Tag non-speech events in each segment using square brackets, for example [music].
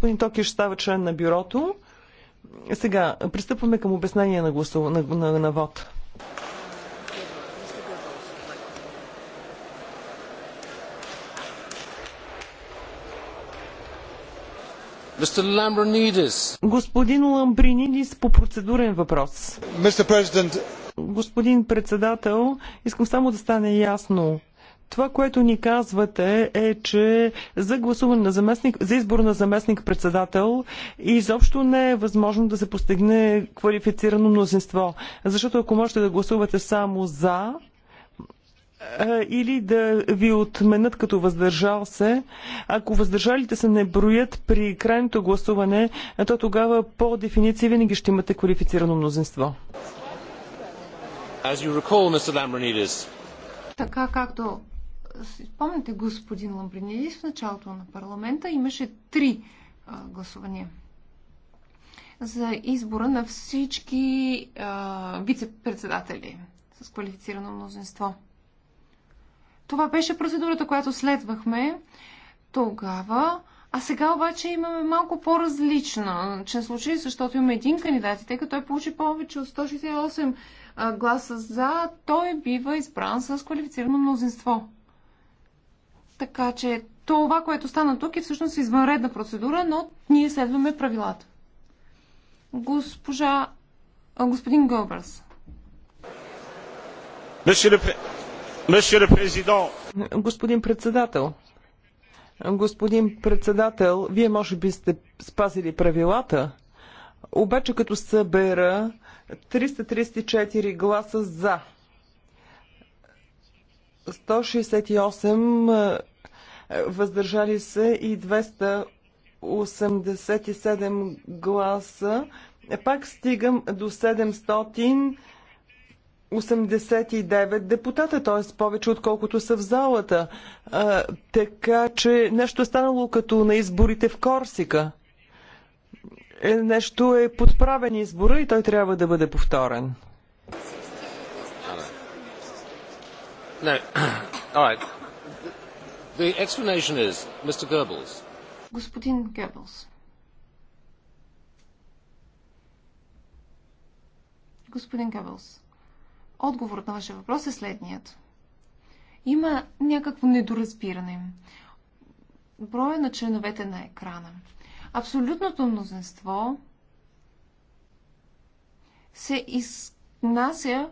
Господин Токиш става член на бюрото. Сега, пристъпваме към обяснение на, гласу, на, на, на вод. Господин Ламбринидис по процедурен въпрос. Господин председател, искам само да стане ясно. Това, което ни казвате е, че за гласуване на заместник, за избор на заместник-председател изобщо не е възможно да се постигне квалифицирано мнозинство. Защото ако можете да гласувате само за, е, или да ви отменят като въздържал се. Ако въздържалите се не броят при крайното гласуване, то тогава по дефиниция винаги ще имате квалифицирано мнозинство. Recall, така както спомняте господин Ламбринидис, в началото на парламента имаше три а, гласувания за избора на всички вице-председатели с квалифицирано мнозинство. Това беше процедурата, която следвахме тогава. А сега обаче имаме малко по-различна чрез случай, защото имаме един кандидат и тъй като той получи повече от 168 гласа за, той бива избран с квалифицирано мнозинство. Така че това, което стана тук е всъщност извънредна процедура, но ние следваме правилата. Госпожа... Господин Гълбърс. Господин председател, господин председател, вие може би сте спазили правилата, обаче като събера 334 гласа за, 168 въздържали се и 287 гласа. Пак стигам до 789 депутата, т.е. повече отколкото са в залата. А, така че нещо е станало като на изборите в Корсика. Е, нещо е подправен избора и той трябва да бъде повторен. Не, [coughs] All The explanation is Mr. Goebbels. Господин Гебелс. Господин Гебелс, отговорът на вашия въпрос е следният. Има някакво недоразбиране. Броя на членовете на екрана. Абсолютното мнозинство се изнася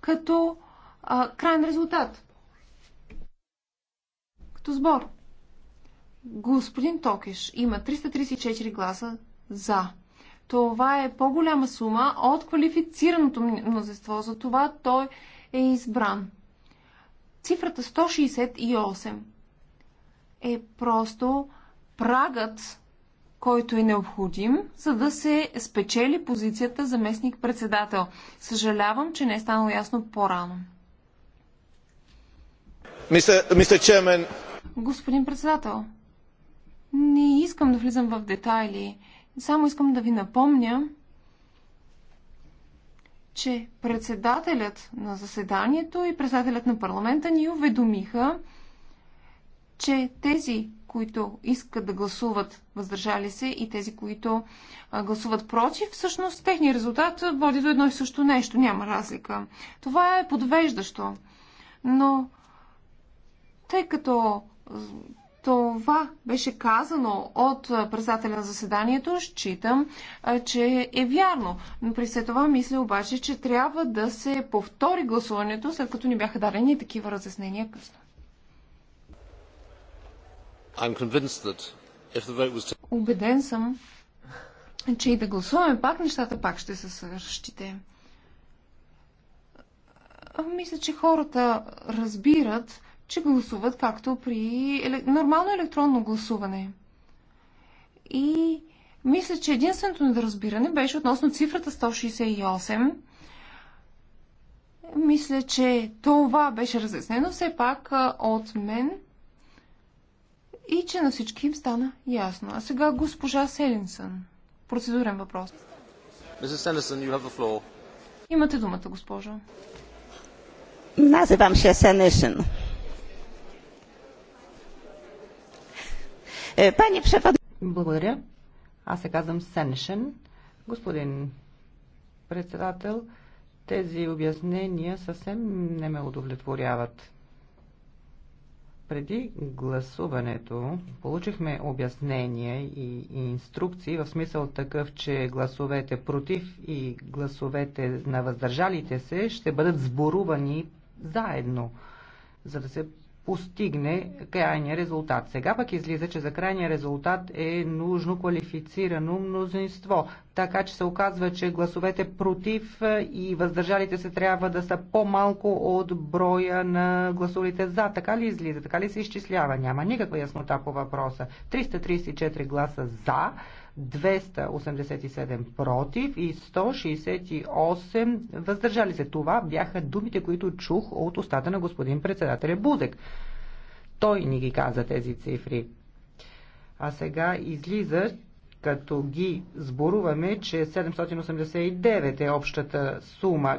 като а, крайен резултат като сбор. Господин Токеш има 334 гласа за. Това е по-голяма сума от квалифицираното мнозинство, за това той е избран. Цифрата 168 е просто прагът, който е необходим, за да се спечели позицията заместник-председател. Съжалявам, че не е станало ясно по-рано. мистер Чермен, Господин председател, не искам да влизам в детайли. Само искам да ви напомня, че председателят на заседанието и председателят на парламента ни уведомиха, че тези, които искат да гласуват въздържали се и тези, които гласуват против, всъщност техния резултат води до едно и също нещо. Няма разлика. Това е подвеждащо. Но тъй като това беше казано от председателя на заседанието, считам, че е вярно. Но при все това мисля обаче, че трябва да се повтори гласуването, след като ни бяха дадени такива разяснения късно. Убеден съм, че и да гласуваме пак, нещата пак ще се същите. Мисля, че хората разбират, че гласуват както при еле... нормално електронно гласуване. И мисля, че единственото недоразбиране беше относно цифрата 168. Мисля, че това беше разяснено все пак от мен и че на всички им стана ясно. А сега госпожа Селинсън. Процедурен въпрос. Имате думата, госпожо. Називам се Senyszyn. Е, пани Превод... Благодаря. Аз се казвам Сенешен. Господин председател, тези обяснения съвсем не ме удовлетворяват. Преди гласуването получихме обяснения и инструкции в смисъл такъв, че гласовете против и гласовете на въздържалите се ще бъдат сборувани заедно, за да се постигне крайния резултат. Сега пък излиза, че за крайния резултат е нужно квалифицирано мнозинство. Така че се оказва, че гласовете против и въздържалите се трябва да са по-малко от броя на гласовете за. Така ли излиза? Така ли се изчислява? Няма никаква яснота по въпроса. 334 гласа за, 287 против и 168 въздържали се. Това бяха думите, които чух от устата на господин председателя Бузек. Той ни ги каза тези цифри. А сега излиза, като ги сборуваме, че 789 е общата сума.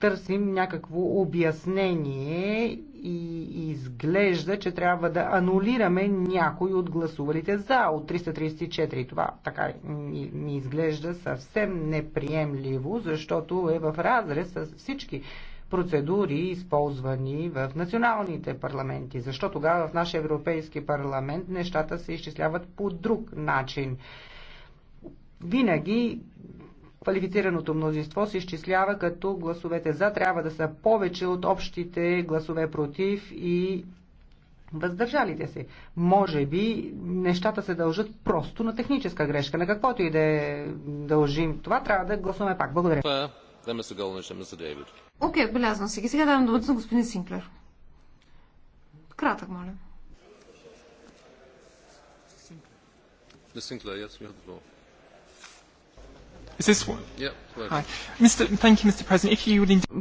Търсим някакво обяснение и изглежда, че трябва да анулираме някой от гласувалите за от 334. Това така ми, ми изглежда съвсем неприемливо, защото е в разрез с всички процедури, използвани в националните парламенти. Защо тогава в нашия Европейски парламент нещата се изчисляват по друг начин? винаги квалифицираното мнозинство се изчислява като гласовете за трябва да са повече от общите гласове против и въздържалите се. Може би нещата се дължат просто на техническа грешка. На каквото и да е дължим това, трябва да гласуваме пак. Благодаря. Окей, okay, отбелязвам ги. Сега давам думата на господин Синклер. Кратък, моля. Синклер, yes, you have the floor. Is this one? Yep.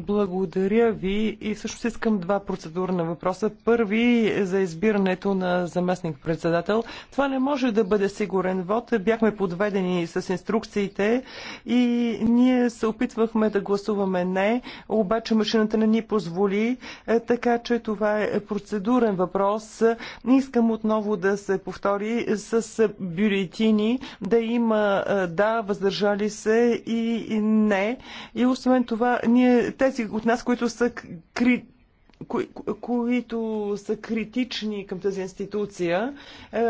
Благодаря ви и всъщност искам два процедурна въпроса. Първи за избирането на заместник-председател. Това не може да бъде сигурен вод. Бяхме подведени с инструкциите и ние се опитвахме да гласуваме не, обаче машината не ни позволи, е, така че това е процедурен въпрос. Не искам отново да се повтори с бюлетини, да има е, да, въздържали се и не. И освен това, ние, тези от нас, които са кри, кои, които са критични към тази институция, е,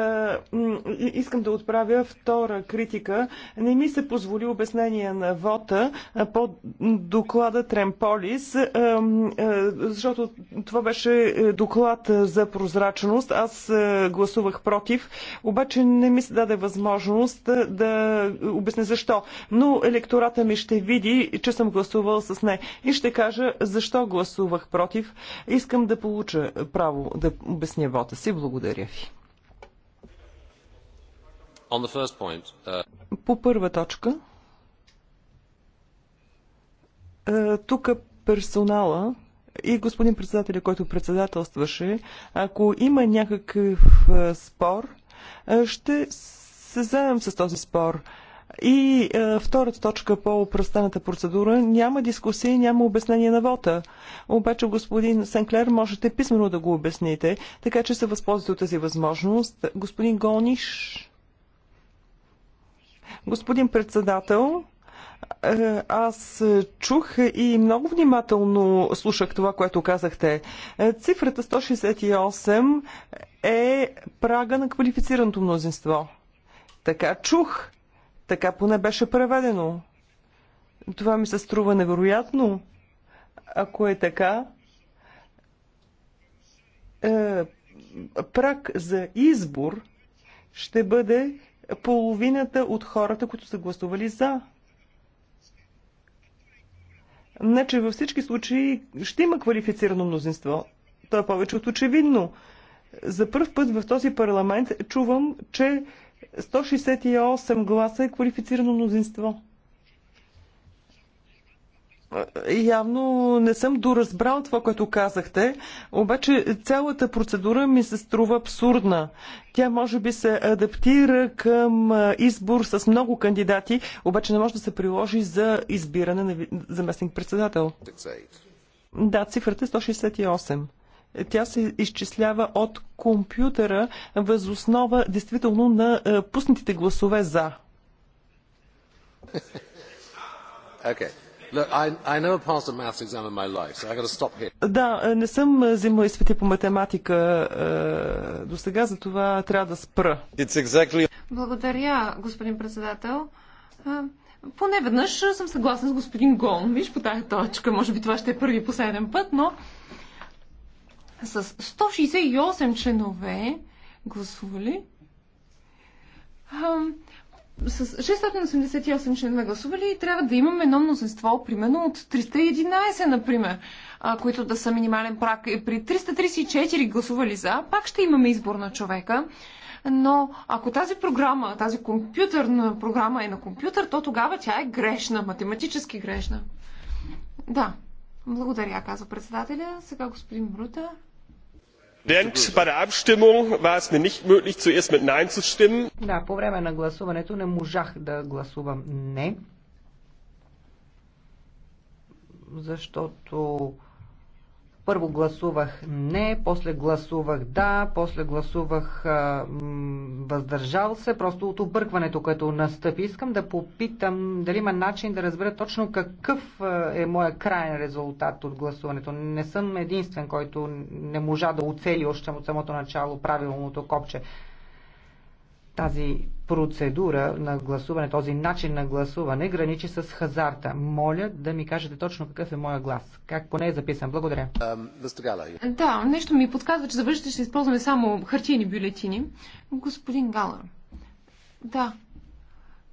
искам да отправя втора критика. Не ми се позволи обяснение на вота по доклада Тремполис, е, е, защото това беше доклад за прозрачност. Аз гласувах против, обаче не ми се даде възможност да обясня защо. Но електората ми ще види, че съм гласувал с не и ще кажа защо гласувах против. Искам да получа право да обясня вота си. Благодаря ви. Point, uh... По първа точка. Е, тук персонала и господин председателя, който председателстваше, ако има някакъв е, спор, е, ще се заем с този спор. И е, втората точка по упростената процедура. Няма дискусия, няма обяснение на вота. Обаче, господин Сенклер, можете писменно да го обясните, така че се възползвате от тази възможност. Господин Гониш. Господин председател, е, аз чух и много внимателно слушах това, което казахте. Е, цифрата 168 е прага на квалифицираното мнозинство. Така чух. Така поне беше преведено. Това ми се струва невероятно. Ако е така, е, прак за избор ще бъде половината от хората, които са гласували за. Не, че във всички случаи ще има квалифицирано мнозинство. То е повече от очевидно. За първ път в този парламент чувам, че 168 гласа е квалифицирано мнозинство. Явно не съм доразбрал това, което казахте, обаче цялата процедура ми се струва абсурдна. Тя може би се адаптира към избор с много кандидати, обаче не може да се приложи за избиране на заместник-председател. Да, цифрата е 168. Тя се изчислява от компютъра възоснова действително на е, пуснатите гласове за. [laughs] Okay. Look, I, I never passed a maths exam in my life, so I stop here. Да, е, не съм е, взимала изпити по математика е, до сега, затова трябва да спра. It's exactly... Благодаря, господин председател. Поне веднъж съм съгласен с господин Гон. Виж по тази точка. Може би това ще е първи и последен път, но с 168 членове гласували. с 688 членове гласували и трябва да имаме едно мнозинство, примерно от 311, например, които да са минимален прак. И при 334 гласували за, пак ще имаме избор на човека. Но ако тази програма, тази компютърна програма е на компютър, то тогава тя е грешна, математически грешна. Да. Благодаря, казва председателя. Сега господин Брута. Да, по време на гласуването не можах да гласувам не, защото първо гласувах не, после гласувах да, после гласувах а, въздържал се, просто от объркването, което настъпи. Искам да попитам дали има начин да разбера точно какъв е моя крайен резултат от гласуването. Не съм единствен, който не можа да оцели още от самото начало правилното копче тази процедура на гласуване, този начин на гласуване граничи с хазарта. Моля да ми кажете точно какъв е моя глас. Как поне е записан. Благодаря. Да, нещо ми подсказва, че за бъдеще ще използваме само хартиени бюлетини. Господин Галър. Да.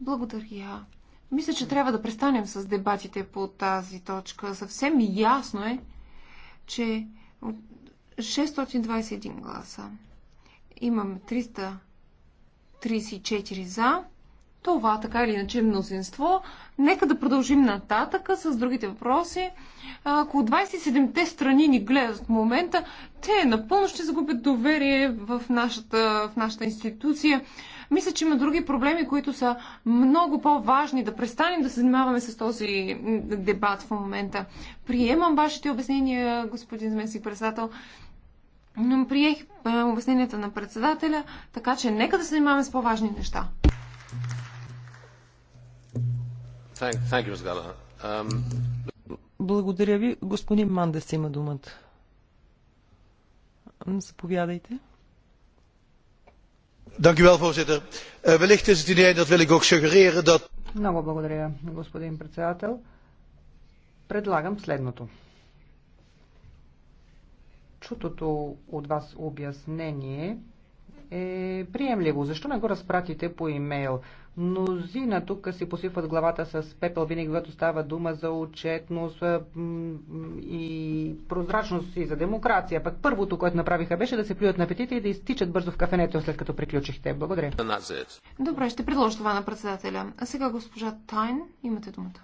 Благодаря. Мисля, че трябва да престанем с дебатите по тази точка. Съвсем ясно е, че от 621 гласа имам 300 34 за. Това така или иначе е мнозинство. Нека да продължим нататъка с другите въпроси. Ако 27-те страни ни гледат в момента, те напълно ще загубят доверие в нашата, в нашата институция. Мисля, че има други проблеми, които са много по-важни да престанем да се занимаваме с този дебат в момента. Приемам вашите обяснения, господин заместник председател, но приех обясненията на председателя, така че нека да се занимаваме с по-важни неща. Um, благодаря ви. Господин Мандес има думата. Заповядайте. voorzitter. Eh, wellicht is het idee, dat wil ik ook suggereren, dat... Много благодаря, господин председател. Предлагам следното чутото от вас обяснение е приемливо. Защо не го разпратите по имейл? Мнозина тук си посипват главата с пепел винаги, когато става дума за отчетност и прозрачност и за демокрация. Пък първото, което направиха, беше да се плюят на петите и да изтичат бързо в кафенето, след като приключихте. Благодаря. Добре, ще предложа това на председателя. А сега госпожа Тайн, имате думата.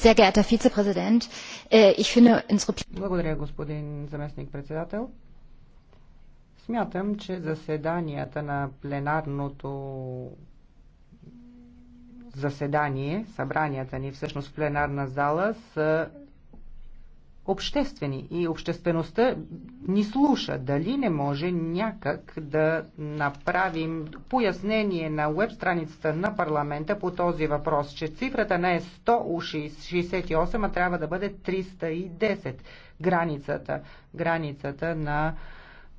Sehr geehrter Vizepräsident, äh, ich finde unsere... Благодаря, господин заместник-председател. Смятам, че заседанията на пленарното заседание, събранията ни всъщност в пленарна зала са обществени и обществеността ни слуша. Дали не може някак да направим пояснение на веб страницата на парламента по този въпрос, че цифрата не е 168, а трябва да бъде 310 границата, границата на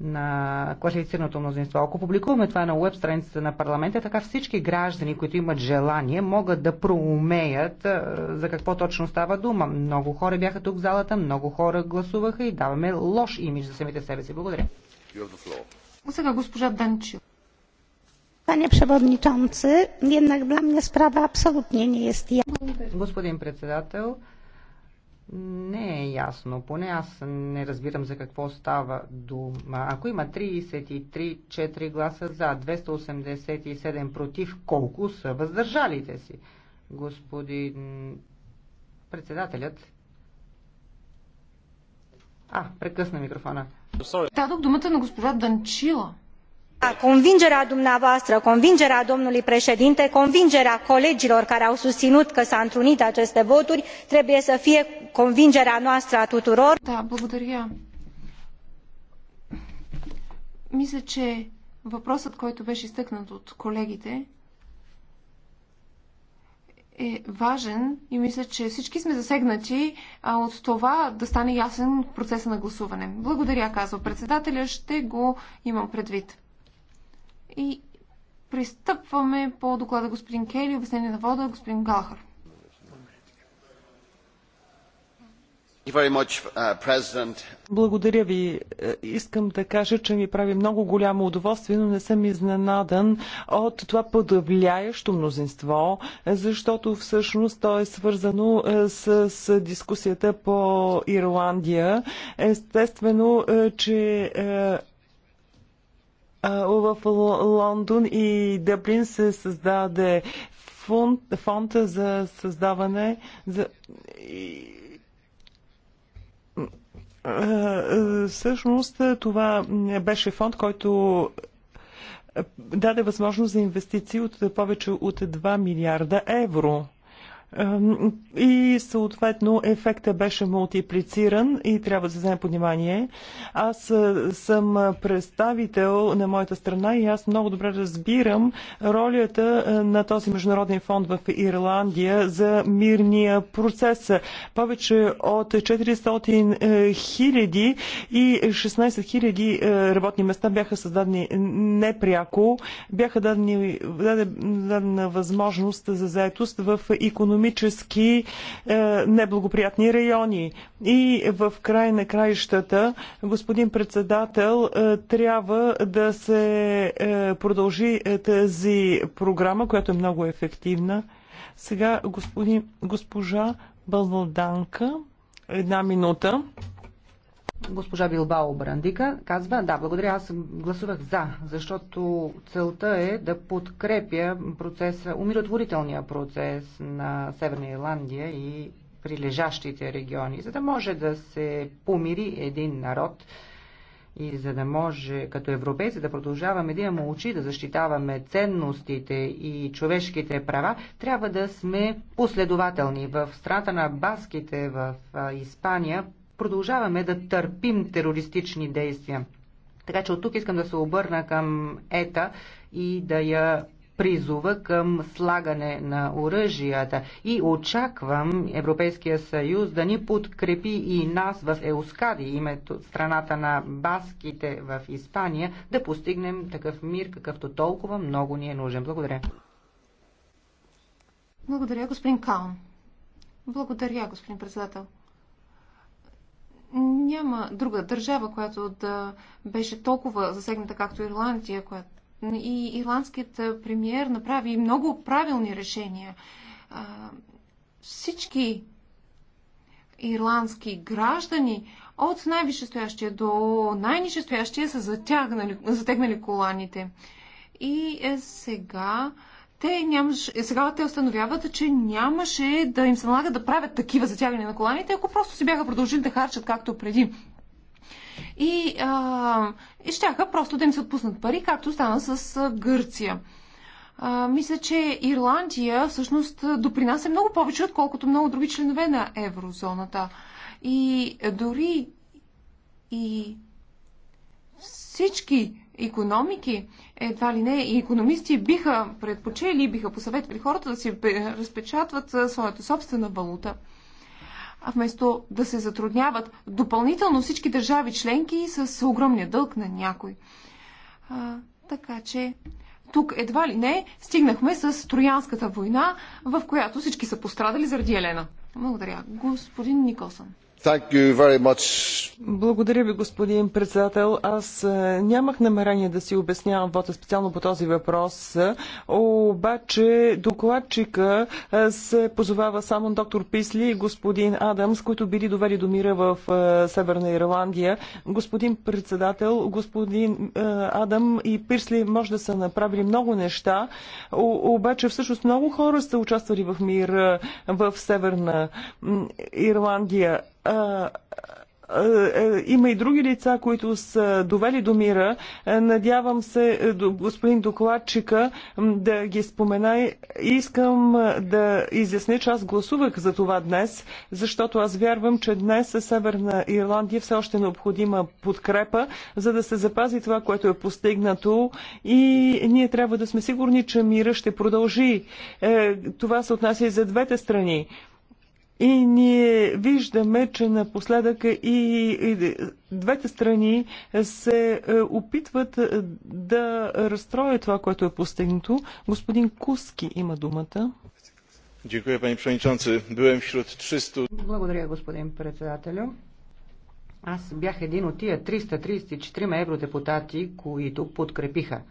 на квалифицираното мнозинство. Ако публикуваме това на уеб страницата на парламента, така всички граждани, които имат желание, могат да проумеят за какво точно става дума. Много хора бяха тук в залата, много хора гласуваха и даваме лош имидж за самите себе си. Благодаря. сега госпожа Данчил. Panie przewodniczący, jednak dla mnie sprawa absolutnie nie jest jasna. Господин председател, не е ясно. Поне аз не разбирам за какво става дума. Ако има 33-4 гласа за, 287 против, колко са въздържалите си? Господин председателят. А, прекъсна микрофона. Дадох думата на госпожа Данчила convingerea dumneavoastră convingerea domnului preedinte convingerea colegilor care au susinut că s a întrunit aceste voturi trebuie să fie convingerea noastră a tuturor. Да, благодаря. въпросът, който беше изтъкнат от колегите, е важен и мисля, че всички сме засегнати а, от това да стане ясен процеса на гласуване. Благодаря, казва председателя, ще го имам предвид. И пристъпваме по доклада господин Кейли, обяснение на вода, господин Галхар. Uh, Благодаря ви. Е, искам да кажа, че ми прави много голямо удоволствие, но не съм изненадан от това подавляещо мнозинство, защото всъщност то е свързано е, с, с дискусията по Ирландия. Естествено, е, че в Лондон и Дъблин се създаде фонд, фонда за създаване за всъщност това беше фонд, който даде възможност за инвестиции от повече от 2 милиарда евро. И съответно ефекта беше мултиплициран и трябва да се вземе внимание. Аз съм представител на моята страна и аз много добре разбирам ролята на този международен фонд в Ирландия за мирния процес. Повече от 400 е, хиляди и 16 хиляди е, работни места бяха създадени непряко, бяха дадени, дадена възможност за заетост в економиката економически е, неблагоприятни райони. И в край на краищата, господин председател, е, трябва да се е, продължи тази програма, която е много ефективна. Сега господин, госпожа Балданка, една минута. Госпожа Билбао Брандика казва, да, благодаря, аз гласувах за, защото целта е да подкрепя процеса, умиротворителния процес на Северна Ирландия и прилежащите региони, за да може да се помири един народ и за да може като европейци да продължаваме да имаме очи, да защитаваме ценностите и човешките права, трябва да сме последователни. В страната на баските в Испания продължаваме да търпим терористични действия. Така че от тук искам да се обърна към ЕТА и да я призова към слагане на оръжията и очаквам Европейския съюз да ни подкрепи и нас в Еускади, името страната на баските в Испания, да постигнем такъв мир, какъвто толкова много ни е нужен. Благодаря. Благодаря, господин Каун. Благодаря, господин председател няма друга държава, която да беше толкова засегната, както Ирландия. Която... И ирландският е, премьер направи много правилни решения. Всички ирландски граждани от най-висшестоящия до най-нишестоящия са затягнали, затегнали коланите. И е, сега те нямаше, сега те установяват, че нямаше да им се налага да правят такива затягане на коланите, ако просто си бяха продължили да харчат както преди. И, а, и щяха просто да им се отпуснат пари, както стана с Гърция. А, мисля, че Ирландия всъщност допринася много повече, отколкото много други членове на еврозоната. И дори и всички економики едва ли не и економисти биха предпочели, биха посъветвали хората да си разпечатват своята собствена валута. А вместо да се затрудняват допълнително всички държави членки с огромния дълг на някой. А, така че тук едва ли не стигнахме с Троянската война, в която всички са пострадали заради Елена. Благодаря. Господин Николсън. Благодаря ви, господин председател. Аз е, нямах намерение да си обяснявам вода специално по този въпрос, е, обаче докладчика е, се позовава само доктор Писли и господин Адамс, които били довели до мира в Северна Ирландия. Господин председател, господин Адам и Писли може да са направили много неща, обаче всъщност много хора са участвали в мир в Северна Ирландия има и други лица, които са довели до мира. Надявам се господин докладчика да ги спомена. Искам да изясня, че аз гласувах за това днес, защото аз вярвам, че днес Северна Ирландия все още е необходима подкрепа, за да се запази това, което е постигнато и ние трябва да сме сигурни, че мира ще продължи. Е, това се отнася и за двете страни. И ние виждаме, че напоследък и, и двете страни се е, опитват е, да разстроят това, което е постигнато. Господин Куски има думата. Благодаря, господин председателю. Аз бях един от тия 334 евродепутати, които подкрепиха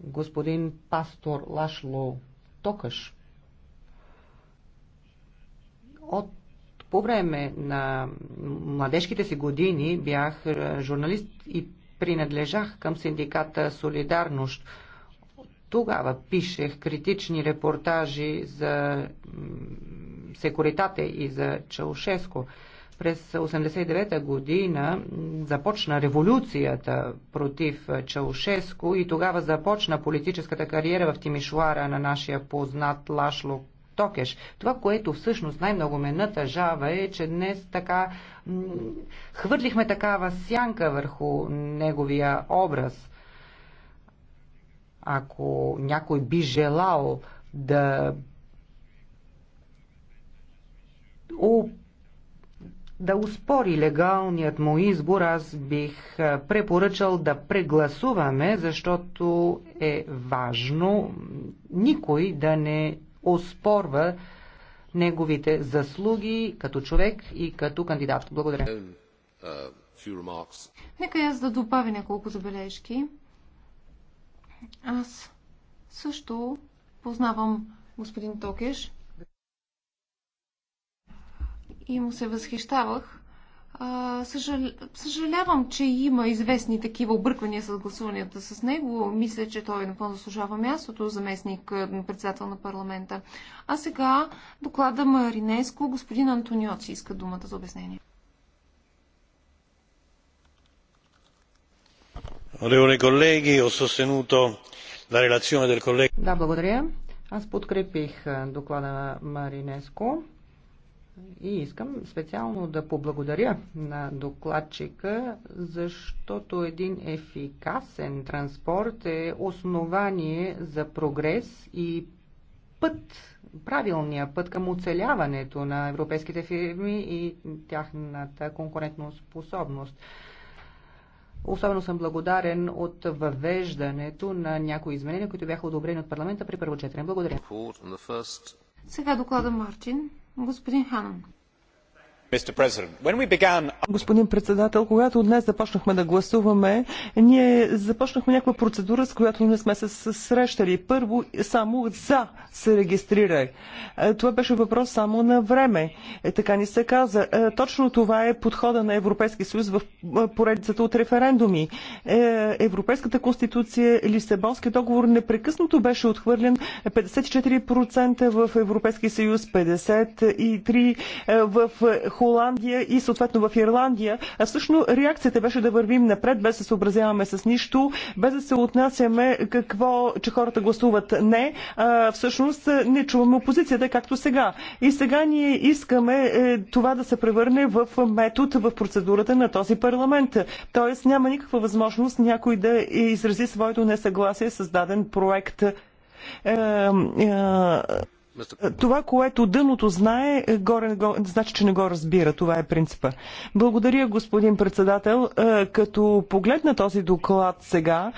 господин пастор Лашло Токаш от по време на младежките си години бях е, журналист и принадлежах към синдиката Солидарност. Тогава пишех критични репортажи за секуритате и за Чаушеско. През 1989 година започна революцията против е, Чаушеско и тогава започна политическата кариера в Тимишуара на нашия познат Лашло Токеш. Това, което всъщност най-много ме натъжава е, че днес така хвърлихме такава сянка върху неговия образ. Ако някой би желал да да успори легалният му избор, аз бих препоръчал да прегласуваме, защото е важно никой да не оспорва неговите заслуги като човек и като кандидат. Благодаря. Uh, Нека аз да добавя няколко забележки. Аз също познавам господин Токеш и му се възхищавах съжал... Съжалявам, че има известни такива обърквания с гласуванията с него. Мисля, че той напълно заслужава мястото заместник председател на парламента. А сега доклада Маринеско. Господин Антониоци иска думата за обяснение. Да, благодаря. Аз подкрепих доклада Маринеско. И искам специално да поблагодаря на докладчика, защото един ефикасен транспорт е основание за прогрес и път, правилния път към оцеляването на европейските фирми и тяхната способност. Особено съм благодарен от въвеждането на някои изменения, които бяха одобрени от парламента при първо четене. Благодаря. Сега доклада Мартин. Господин Ханан. Господин председател, когато днес започнахме да гласуваме, ние започнахме някаква процедура, с която не сме се срещали. Първо, само за се регистрира. Е, това беше въпрос само на време. Е, така ни се каза. Е, точно това е подхода на Европейския съюз в поредицата от референдуми. Европейската конституция, Лисабонски договор непрекъснато беше отхвърлен. 54% в Европейския съюз, 53% в Холандия и съответно в Ирландия. А всъщност реакцията беше да вървим напред, без да се съобразяваме с нищо, без да се отнасяме какво, че хората гласуват не. А, всъщност не чуваме опозицията, както сега. И сега ние искаме е, това да се превърне в метод в процедурата на този парламент. Тоест няма никаква възможност някой да изрази своето несъгласие с даден проект. Е, е, е, това, което дъното знае, е горе не го, значи, че не го разбира. Това е принципа. Благодаря, господин председател. Е, като погледна този доклад сега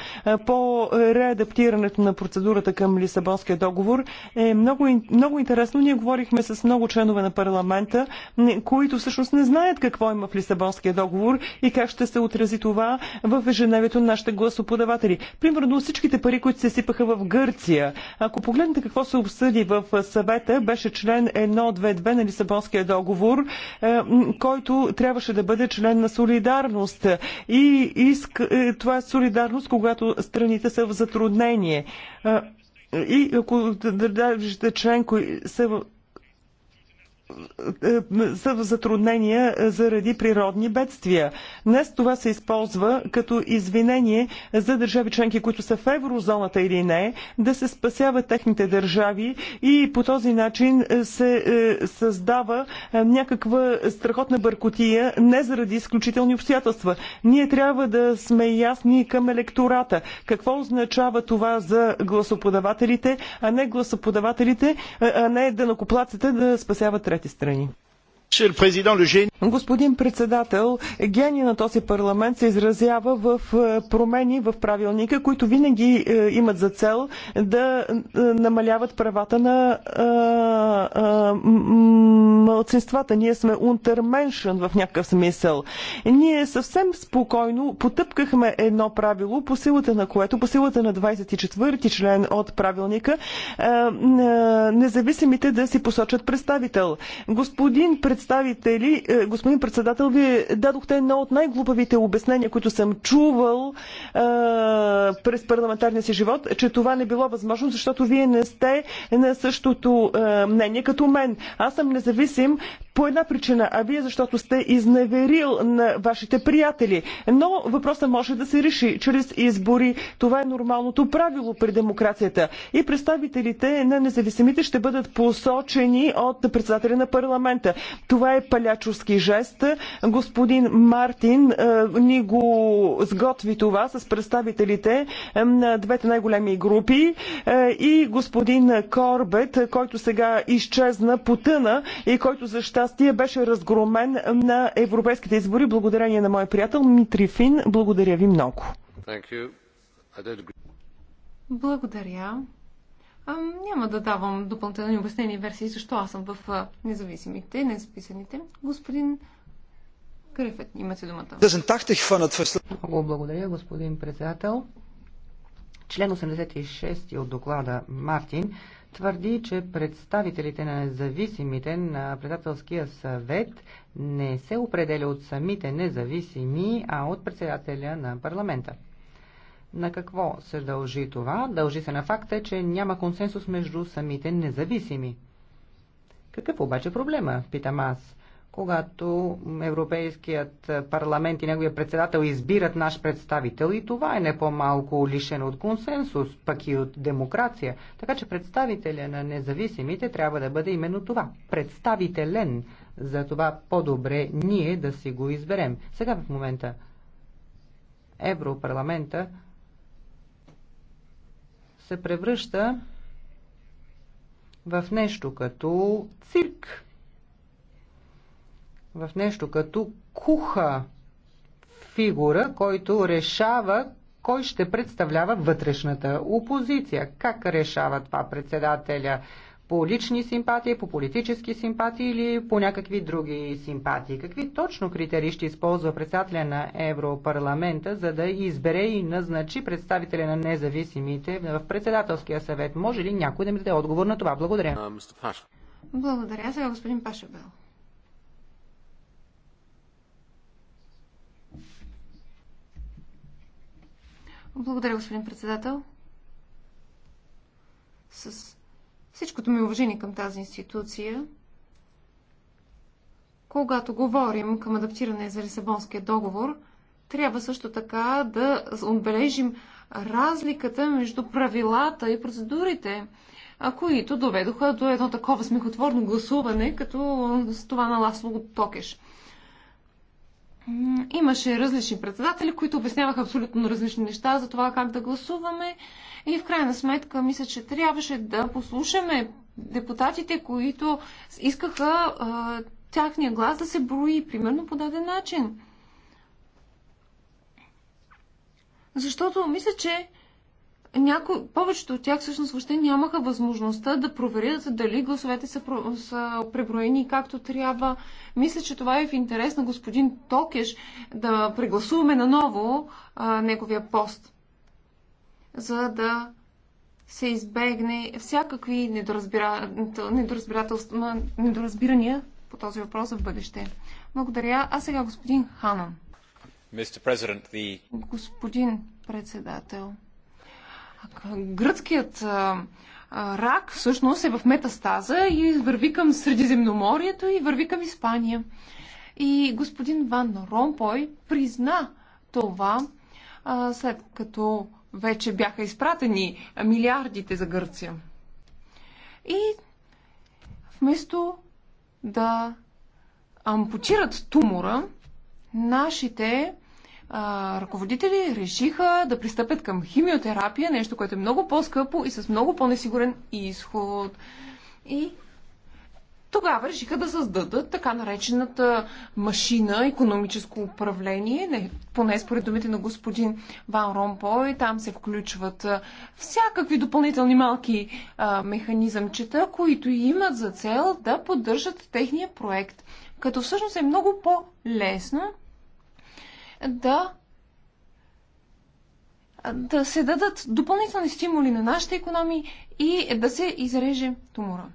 по реадаптирането на процедурата към Лисабонския договор, е много, много интересно. Ние говорихме с много членове на парламента, които всъщност не знаят какво има в Лисабонския договор и как ще се отрази това в ежедневието на нашите гласоподаватели. Примерно всичките пари, които се сипаха в Гърция. Ако погледнете какво се обсъди в съвета беше член 1-2-2 на Лисабонския договор, който трябваше да бъде член на солидарност. И иск, това е солидарност, когато страните са в затруднение. И ако държавите кои са е, са в затруднения заради природни бедствия. Днес това се използва като извинение за държави членки, които са в еврозоната или не, да се спасяват техните държави и по този начин се е, създава е, някаква страхотна бъркотия, не заради изключителни обстоятелства. Ние трябва да сме ясни към електората. Какво означава това за гласоподавателите, а не гласоподавателите, а не данакоплаците да спасяват трети страни. Господин председател, гения на този парламент се изразява в е, промени в правилника, които винаги е, имат за цел да е, намаляват правата на мълцинствата. Ние сме унтерменшен в някакъв смисъл. Ние съвсем спокойно потъпкахме едно правило, по силата на което, по силата на 24 ти член от правилника, независимите да си посочат представител. Господин председател, представители, е, господин председател, вие дадохте едно от най-глупавите обяснения, които съм чувал е, през парламентарния си живот, че това не било възможно, защото вие не сте на същото е, мнение като мен. Аз съм независим, по една причина, а вие защото сте изневерил на вашите приятели. Но въпросът може да се реши чрез избори. Това е нормалното правило при демокрацията. И представителите на независимите ще бъдат посочени от председателя на парламента. Това е палячовски жест. Господин Мартин е, ни го сготви това с представителите е, на двете най-големи групи е, и господин Корбет, който сега изчезна, потъна и който защита участие беше разгромен на европейските избори благодарение на мой приятел Митрифин. Благодаря ви много. Благодаря. А, няма да давам допълнителни обяснени версии, защо аз съм в независимите, незаписаните. Господин Грефет, имате думата. Много благодаря, господин председател. Член 86 от доклада Мартин твърди, че представителите на независимите на председателския съвет не се определя от самите независими, а от председателя на парламента. На какво се дължи това? Дължи се на факта, че няма консенсус между самите независими. Какъв обаче е проблема, питам аз? когато Европейският парламент и неговия председател избират наш представител и това е не по-малко лишено от консенсус, пък и от демокрация. Така че представителя на независимите трябва да бъде именно това – представителен. За това по-добре ние да си го изберем. Сега в момента Европарламента се превръща в нещо като цирк в нещо като куха фигура, който решава кой ще представлява вътрешната опозиция. Как решава това председателя? По лични симпатии, по политически симпатии или по някакви други симпатии? Какви точно критерии ще използва председателя на Европарламента, за да избере и назначи представителя на независимите в председателския съвет? Може ли някой да ми даде отговор на това? Благодаря. Благодаря. Сега господин Пашебел. Благодаря, господин председател. С всичкото ми уважение към тази институция, когато говорим към адаптиране за Лисабонския договор, трябва също така да отбележим разликата между правилата и процедурите, които доведоха до едно такова смехотворно гласуване, като с това на Ласло Токеш имаше различни председатели, които обясняваха абсолютно различни неща за това как да гласуваме. И в крайна сметка, мисля, че трябваше да послушаме депутатите, които искаха а, тяхния глас да се брои, примерно по даден начин. Защото мисля, че Няко... Повечето от тях всъщност въобще нямаха възможността да проверят дали гласовете са, про... са преброени както трябва. Мисля, че това е в интерес на господин Токеш да прегласуваме наново а, неговия пост, за да се избегне всякакви недоразбира... недоразбирателства... недоразбирания по този въпрос в бъдеще. Благодаря. А сега господин Ханан. Господин председател, гръцкият рак всъщност е в метастаза и върви към Средиземноморието и върви към Испания. И господин Ван Ромпой призна това, след като вече бяха изпратени милиардите за Гърция. И вместо да ампутират тумора, нашите а, ръководители решиха да пристъпят към химиотерапия, нещо, което е много по-скъпо и с много по-несигурен изход. И тогава решиха да създадат така наречената машина економическо управление, не, поне според думите на господин Ван Ромпой, там се включват всякакви допълнителни малки а, механизъмчета, които имат за цел да поддържат техния проект. Като всъщност е много по-лесно да да се дадат допълнителни стимули на нашите економии и да се изреже тумора.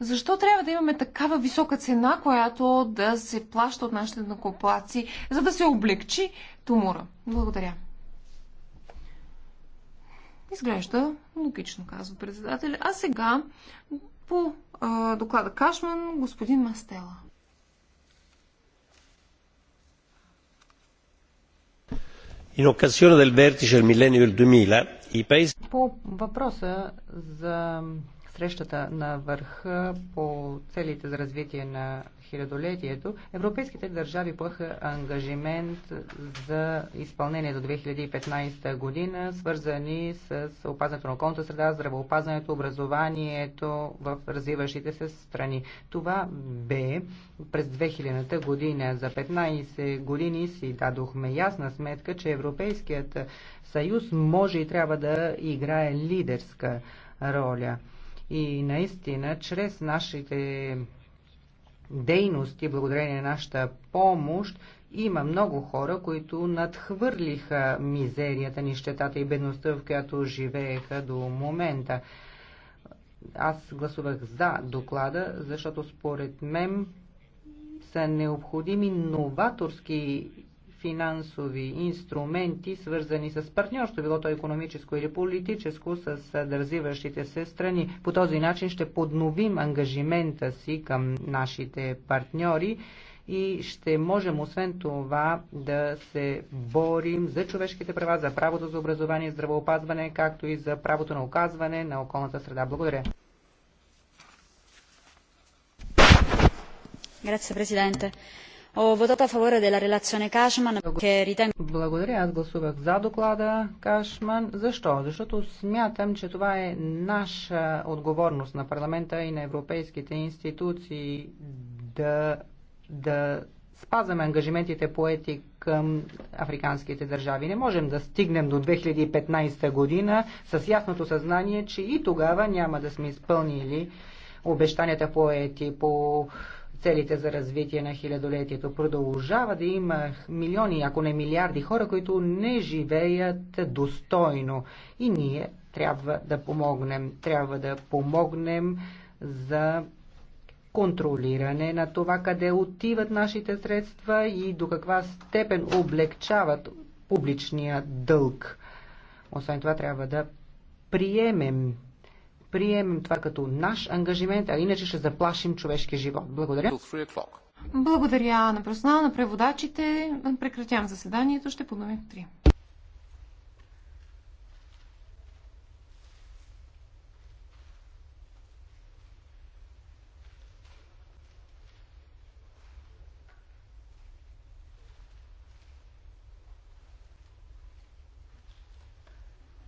Защо трябва да имаме такава висока цена, която да се плаща от нашите накоплаци, за да се облегчи тумора? Благодаря. Изглежда логично, казва председателя. А сега по а, доклада Кашман, господин Мастела. In occasione del vertice del millennio 2000, i paesi... По въпроса за срещата на върха по целите за развитие на хилядолетието, европейските държави поеха ангажимент за изпълнение до 2015 година, свързани с опазването на околната среда, здравеопазването, образованието в развиващите се страни. Това бе през 2000 година. За 15 години си дадохме ясна сметка, че Европейският съюз може и трябва да играе лидерска роля. И наистина, чрез нашите дейности, благодарение на нашата помощ, има много хора, които надхвърлиха мизерията, нищетата и бедността, в която живееха до момента. Аз гласувах за доклада, защото според мен са необходими новаторски финансови инструменти, свързани с партньорство, било то економическо или политическо, с дързиващите се страни. По този начин ще подновим ангажимента си към нашите партньори и ще можем освен това да се борим за човешките права, за правото за образование здравоопазване, здравеопазване, както и за правото на оказване на околната среда. Благодаря. Grazie Presidente. Ho votato a favore della relazione Cashman perché ritengo... Благодаря, аз гласувах за доклада Кашман. Защо? Защото смятам, че това е наша отговорност на парламента и на европейските институции да, да спазваме ангажиментите поети към африканските държави. Не можем да стигнем до 2015 година с ясното съзнание, че и тогава няма да сме изпълнили обещанията поети по целите за развитие на хилядолетието. Продължава да има милиони, ако не милиарди хора, които не живеят достойно. И ние трябва да помогнем. Трябва да помогнем за контролиране на това къде отиват нашите средства и до каква степен облегчават публичния дълг. Освен това трябва да приемем приемем това като наш ангажимент, а иначе ще заплашим човешкия живот. Благодаря. Благодаря на персонала на преводачите. Прекратявам заседанието. Ще подновим в 3.